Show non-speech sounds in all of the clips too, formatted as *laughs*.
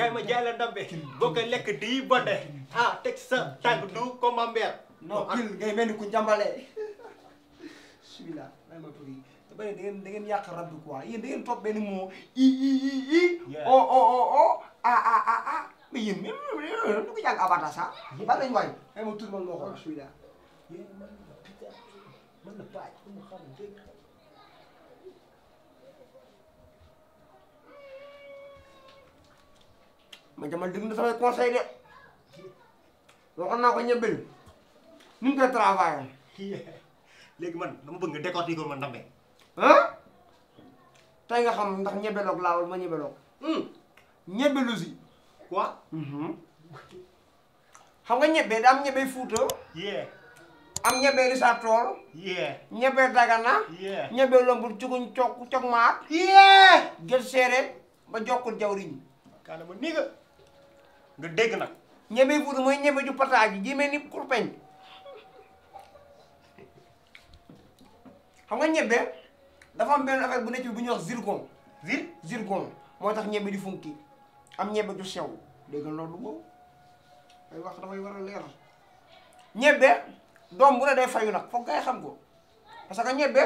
kay ma jaay la ndambe boo koy lekk di bonde ah teg sa tànk du commentaire. non kii ngay mel ni ku njàmbalee. bismillah ma ngi ba da ngeen da ngeen yàq rab bi quoi yéen da ngeen i o o o a a a a mais yéen même du ko jàng abata sax ba lañ waay ay ma tudd ma nga ma jamal dégg na samay conseil de waxoon naa ko ñebel ni mu koy travaillé léegi man dama bëgg nga décortiquer ma ndambe ah tey nga xam ndax ñebeloog laa wala ma ñebeloog hmm. ñebelu si quoi mhm. xam nga ñebe da am ñebe Fuuta am ñebe Rissa Tool ñebe Dagana ñebe Lombul cuguñ cok cok maat gel seere ba jokkul jawriñ kaana ma ni nga nga dégg nag. ñeme buur mooy ñeme ju pataaji ji mel ni kurpeñ xam nga ñebe dafa am benn affaire bu nekk bu ñuy wax zircon. zir zircon moo tax ñebe di funki am ñebe ju sew dégg nga loolu boobu ay wax dafay war a leer ñebe doom bu ne day fayu nag foog ngay xam ko parce que ñebe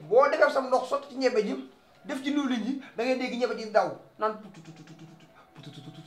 boo defee sam ndox sotti ci ñebe ji def ci nuuli ji da ngay dégg ñebe ji daw naan pututututututut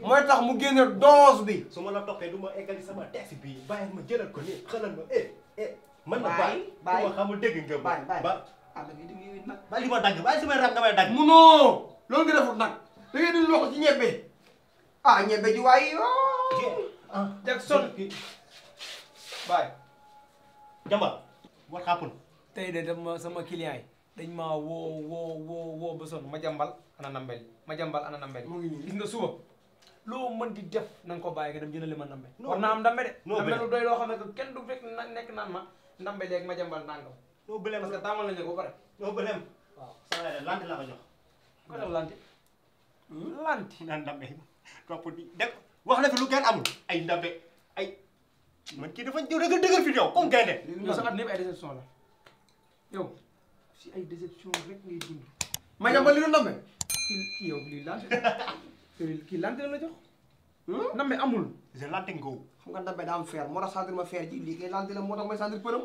moo tax mu génne dose bi. su ma la toqee du ma eggali sama texte bi bàyyi ma jëlal ko nii ma eh eh. man na bàyyi bàyyi ma xamul dégg ba ah ba li ma dagg bàyyi su ma rab nga may dagg. munoo loolu nga defut nag da ngay dindi loxo ci ñebe ah ji waaye yoo. ah Jackson bàyyi. Jamba tey de dama sama client yi. dañ maa woo woo woo ba sonn ma jambal ana nambel ma jambal ana nambel. mu ngi nii loo man di def na ko bàyyi nga dem jëndali ma ndambe war naa am ndambe de ndambe loo xam ne que kenn nekk naan ma ndambe léegi ma jëmbal nàngam no bëlem parce que tàmmal nañu ko ba pare no bëlem waaw saa lanti la ko jox ko def lanti hmm? lanti naan ndambe def wax na fi lu ay ndambe ay kii dafa dëgër dëgër fi yow comme gaynde ñu sa at ñëpp ma jëmbal li lu ndambe kii yow lii *laughs* sëriñ kii lantin la jox. Hmm? ndambe amul. je lantin nga xam nga ndambe daa am moo tax sentir ma fer ji lii kay lantin moo tax may sentir përëm.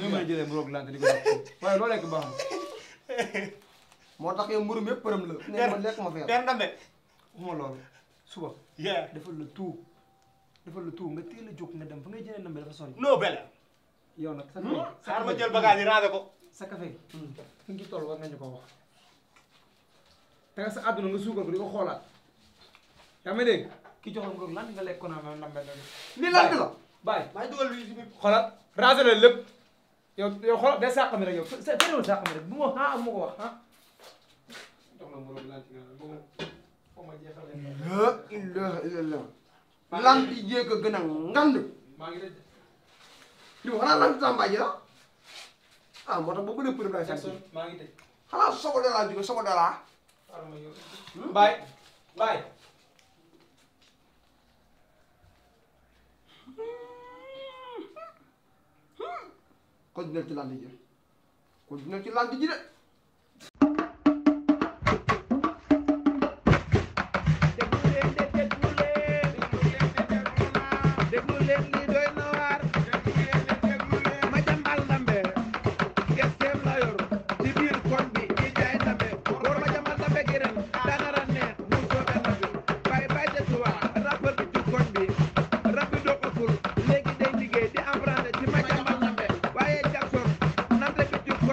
ñu a jëlee mu roog lekk *laughs* moo tax yow mburum yëpp përëm ma lekk ma fer per loolu suba. yaa defal la tout. defal la tout nga teel a jóg nga dem fa ngay jëlee ndambe dafa sori. non bel. nag sa hmm? xaar ma jël bagage yi ko. sa café. Hmm. fi nga ci war nañu ko wax. da nga sa àdduna nga suukal ko di ko xoolaat yaa may dégg ki joxoon ko lan nga lekk ko naan ndambe la li lan la bàyyi bàyyi dugal lu ci xoolal raser la lépp yow yow xoolal day sàq mi rek yow sa bëriwul sàq mi rek bu ma ah am ma ko wax ah dox na moroom lan ci la ilaha illallah lan bi jéeg a gën a ngand maa ngi dëj li xanaa lan tàmbaaji la ah? ah moo tax boobu lépp problème maa ngi dëj xanaa sogo dalaa jóge sogo dalaa Baay Baay. kon dina ci lànd ji kon dina ci lànd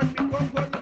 góor bi góor góor